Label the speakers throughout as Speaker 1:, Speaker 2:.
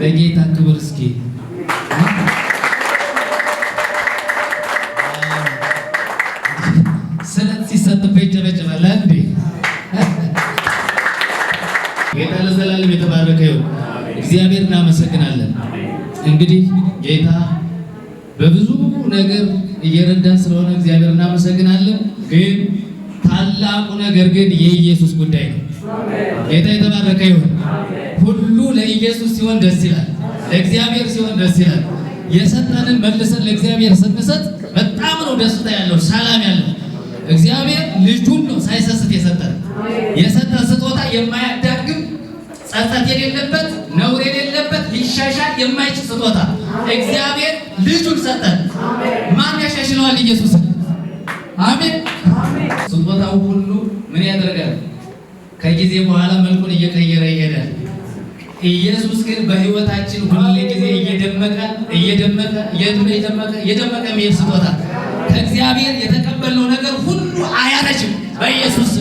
Speaker 1: ለጌታ ክብር እስኪ ስለት ሲሰጥበት ይጨበጨባል። እንዴ ጌታ ለዘላለም የተባረከ ይሁን። እግዚአብሔር እናመሰግናለን። እንግዲህ ጌታ በብዙ ነገር እየረዳን ስለሆነ እግዚአብሔር እናመሰግናለን። ግን ታላቁ ነገር ግን የኢየሱስ ጉዳይ ነው። ጌታ የተባረከ ይሁን። ሁሉ ለኢየሱስ ሲሆን ደስ ይላል፣ ለእግዚአብሔር ሲሆን ደስ ይላል። የሰጠንን መልሰን ለእግዚአብሔር ስንሰጥ በጣም ነው ደስታ ያለው፣ ሰላም ያለው። እግዚአብሔር ልጁን ነው ሳይሰስት የሰጠን። የሰጠን ስጦታ የማያዳግም ጸጸት የሌለበት ነውር የሌለበት ሊሻሻል የማይችል ስጦታ እግዚአብሔር ልጁን ሰጠን። ማን ያሻሽለዋል? ኢየሱስ። አሜን። ስጦታው ሁሉ ምን ያደርጋል? ከጊዜ በኋላ መልኩን እየቀየረ ይሄደ ኢየሱስ ግን በህይወታችን ሁሉ ጊዜ እየደመቀ እየደመቀ እየደመቀ እየደመቀ የሚሄድ ስጦታ ከእግዚአብሔር የተቀበልነው ነገር ሁሉ አያረጅም። በኢየሱስ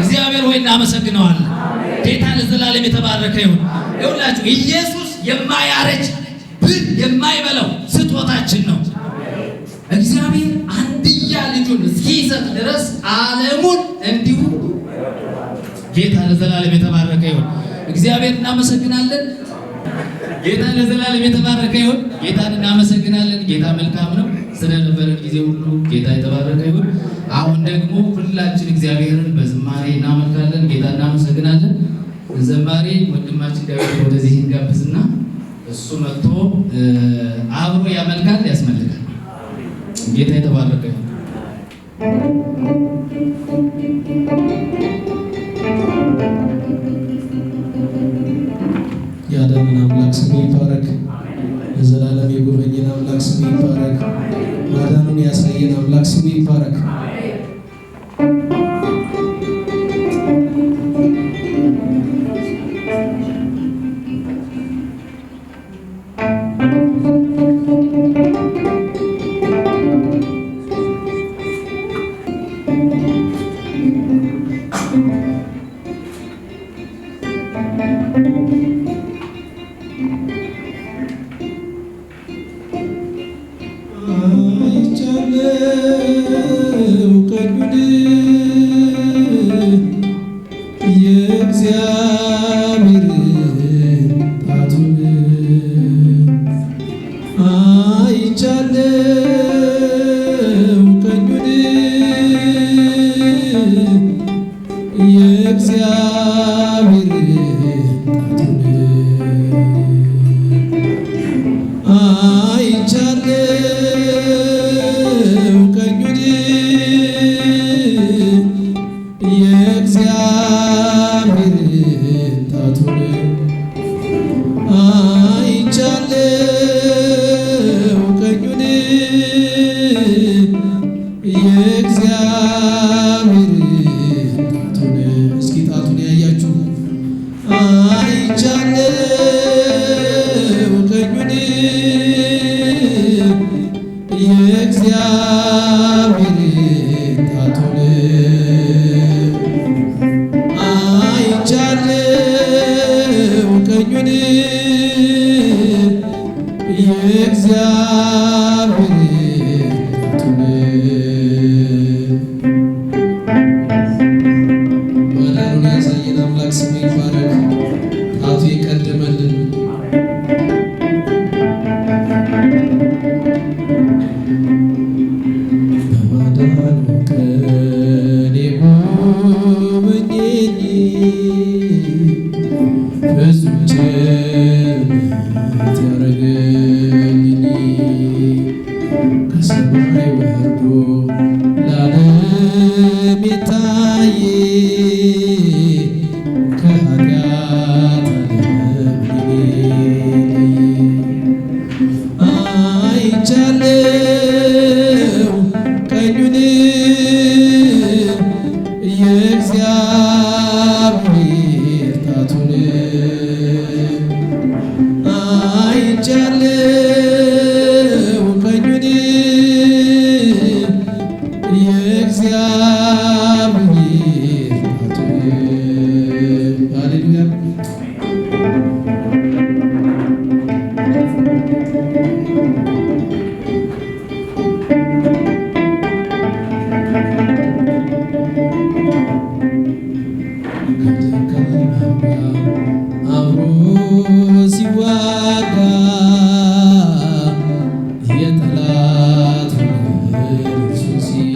Speaker 1: እግዚአብሔር ወይ እናመሰግነዋለን። ጌታ ለዘላለም የተባረከ ይሁን። ይሁላችሁ ኢየሱስ የማያረጅ ብን የማይበላው ስጦታችን ነው። እግዚአብሔር አንድያ ልጁን እስኪሰጥ ድረስ ዓለሙን እንዲሁ ጌታ ለዘላለም የተባረከ ይሁን። እግዚአብሔር እናመሰግናለን። ጌታ ለዘላለም የተባረከ ይሁን። ጌታን እናመሰግናለን። ጌታ መልካም ነው። ስለነበረን ጊዜ ሁሉ ጌታ የተባረከ ይሁን። አሁን ደግሞ ሁላችን እግዚአብሔርን በዝማሬ እናመልካለን። ጌታ እናመሰግናለን። ዘማሬ ወንድማችን ዳዊት ወደዚህ እንጋብዝና እሱ መጥቶ አብሮ ያመልካል፣ ያስመልካል። ጌታ የተባረከ ይሁን። የዓለምን አምላክ ስሙ ይባረክ። የዘላለም የጎበኘን አምላክ ስሙ ይባረክ። ማዳኑን ያሳየን አምላክ ስሙ ይባረክ። 안녕하세요. E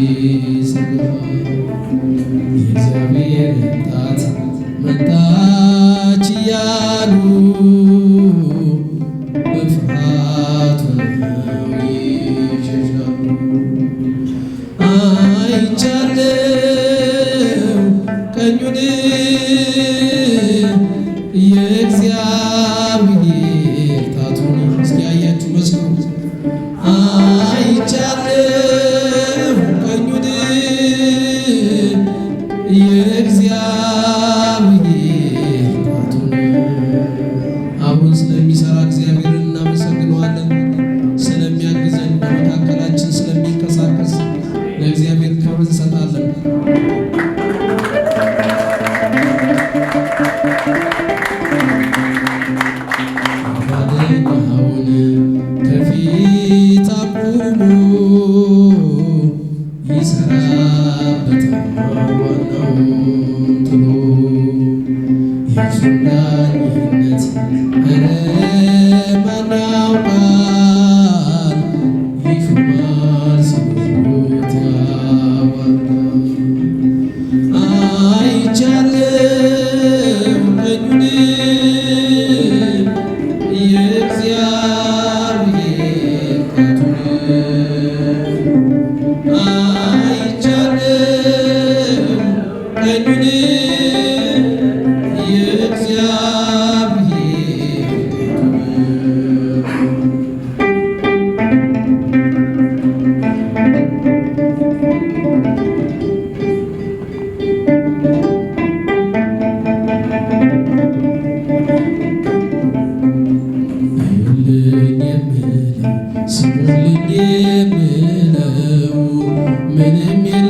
Speaker 1: የእግዚአብሔር መጣት መጣ benim yerim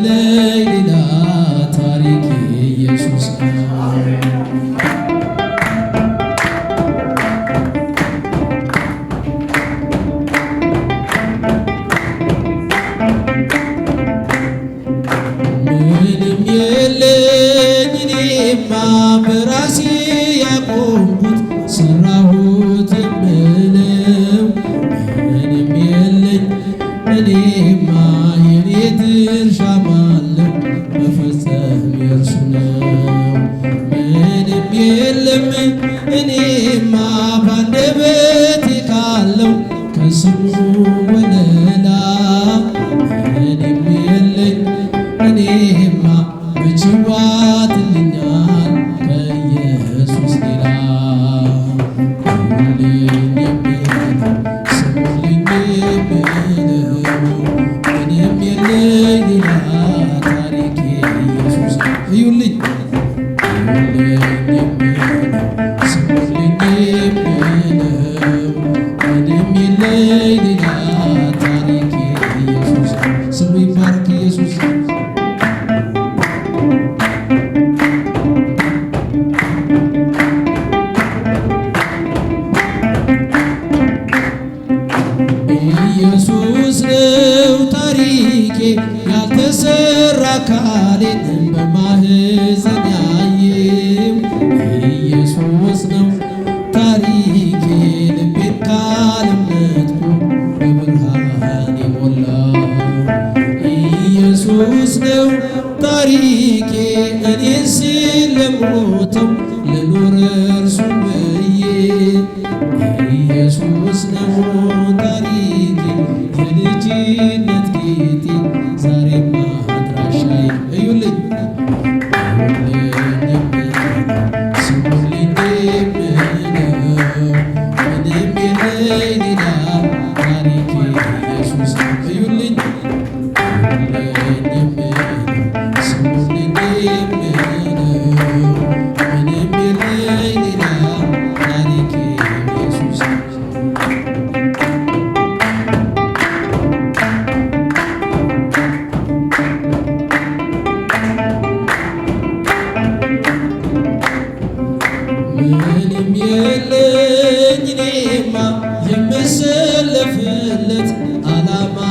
Speaker 1: የተለፈለት አላማ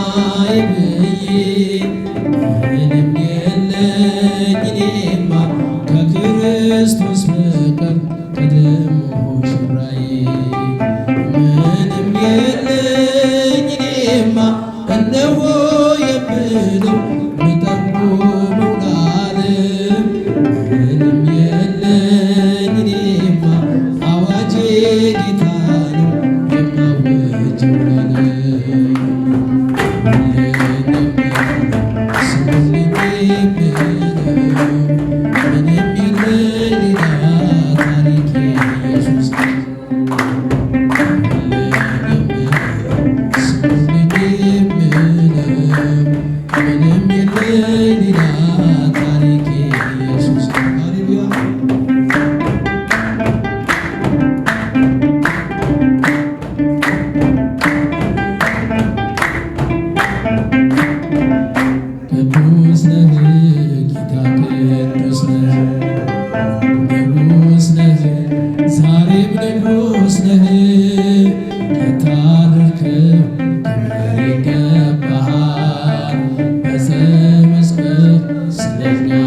Speaker 1: of me.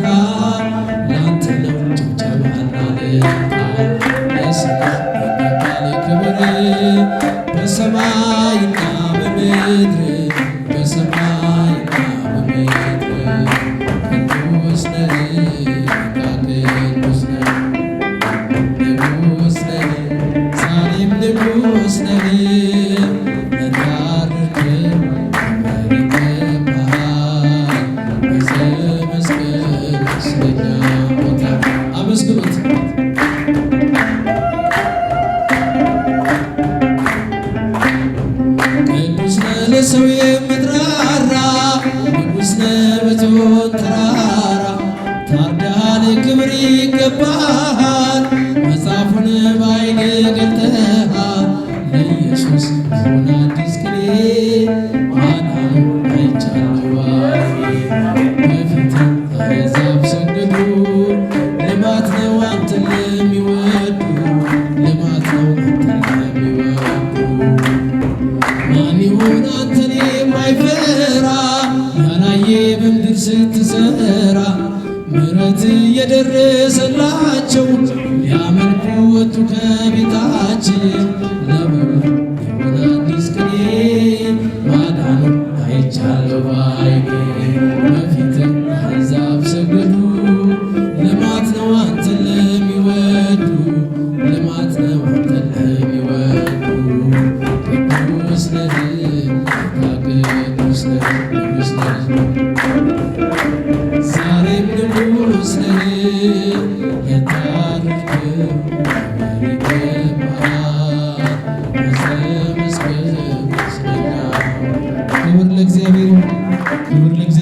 Speaker 1: God. anniversary. ስላቸው ያመልኩት ከቤታ ഇവരിലേക്ക്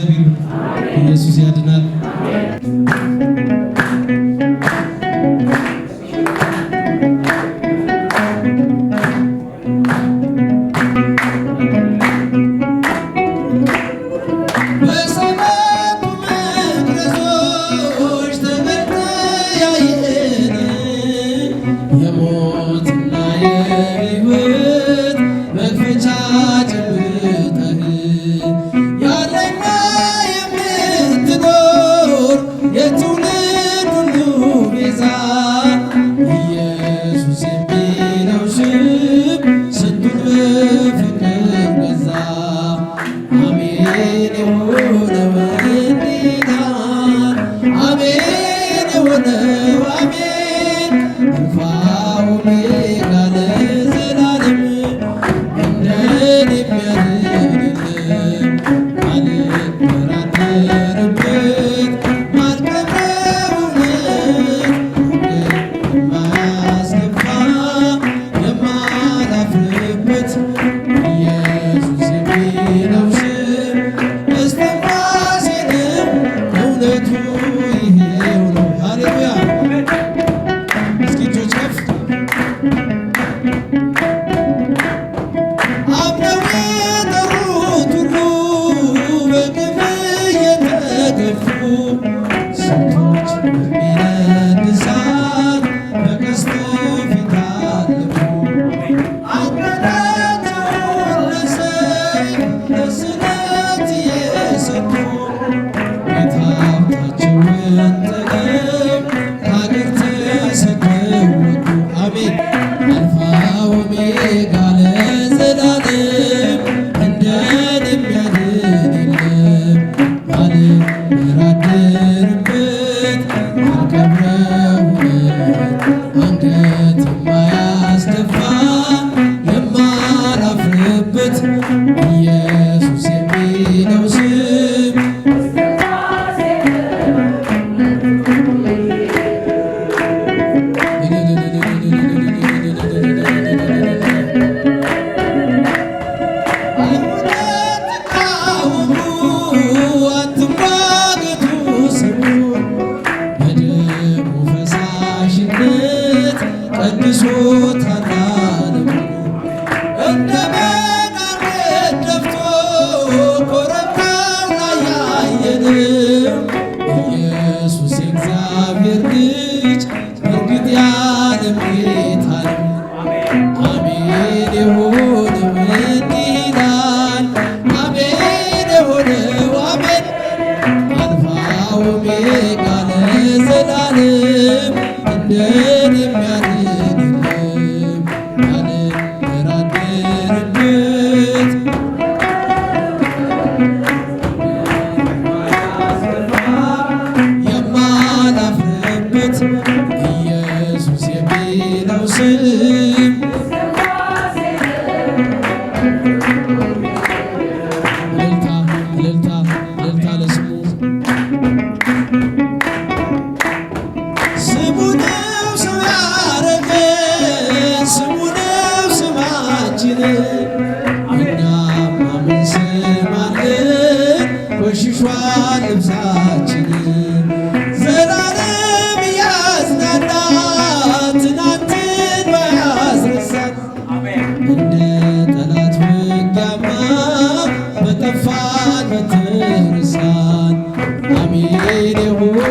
Speaker 1: 是。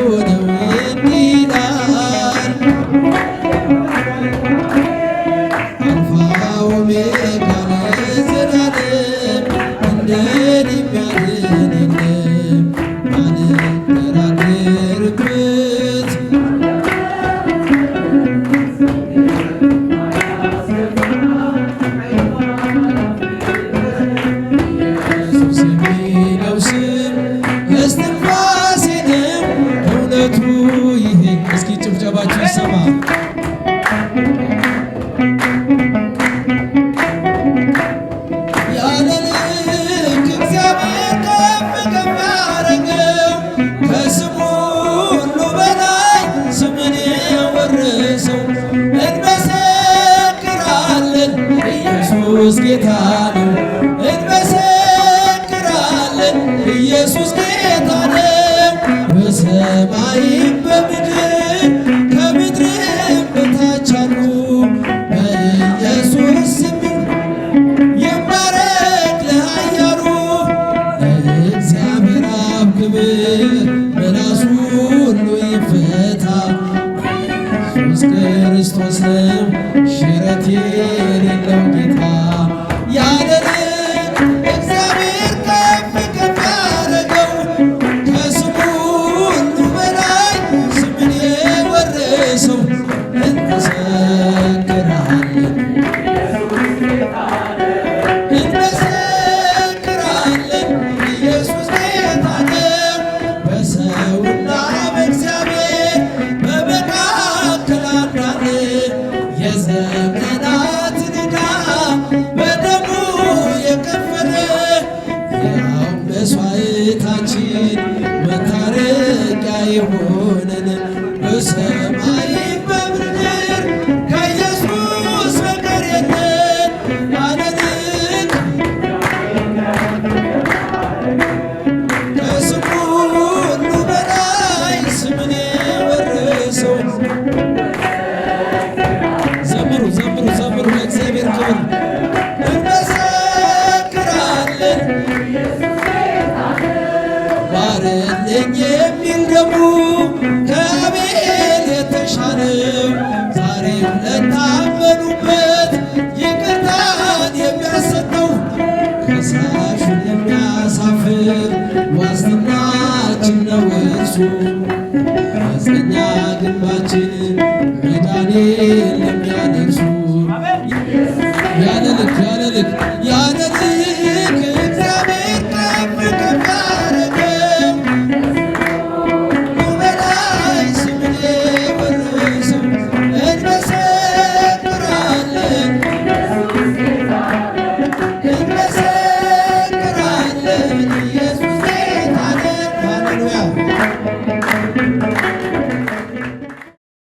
Speaker 1: good. ክርስቶስ ነው ሽረቴ መታረቂያ የሆነን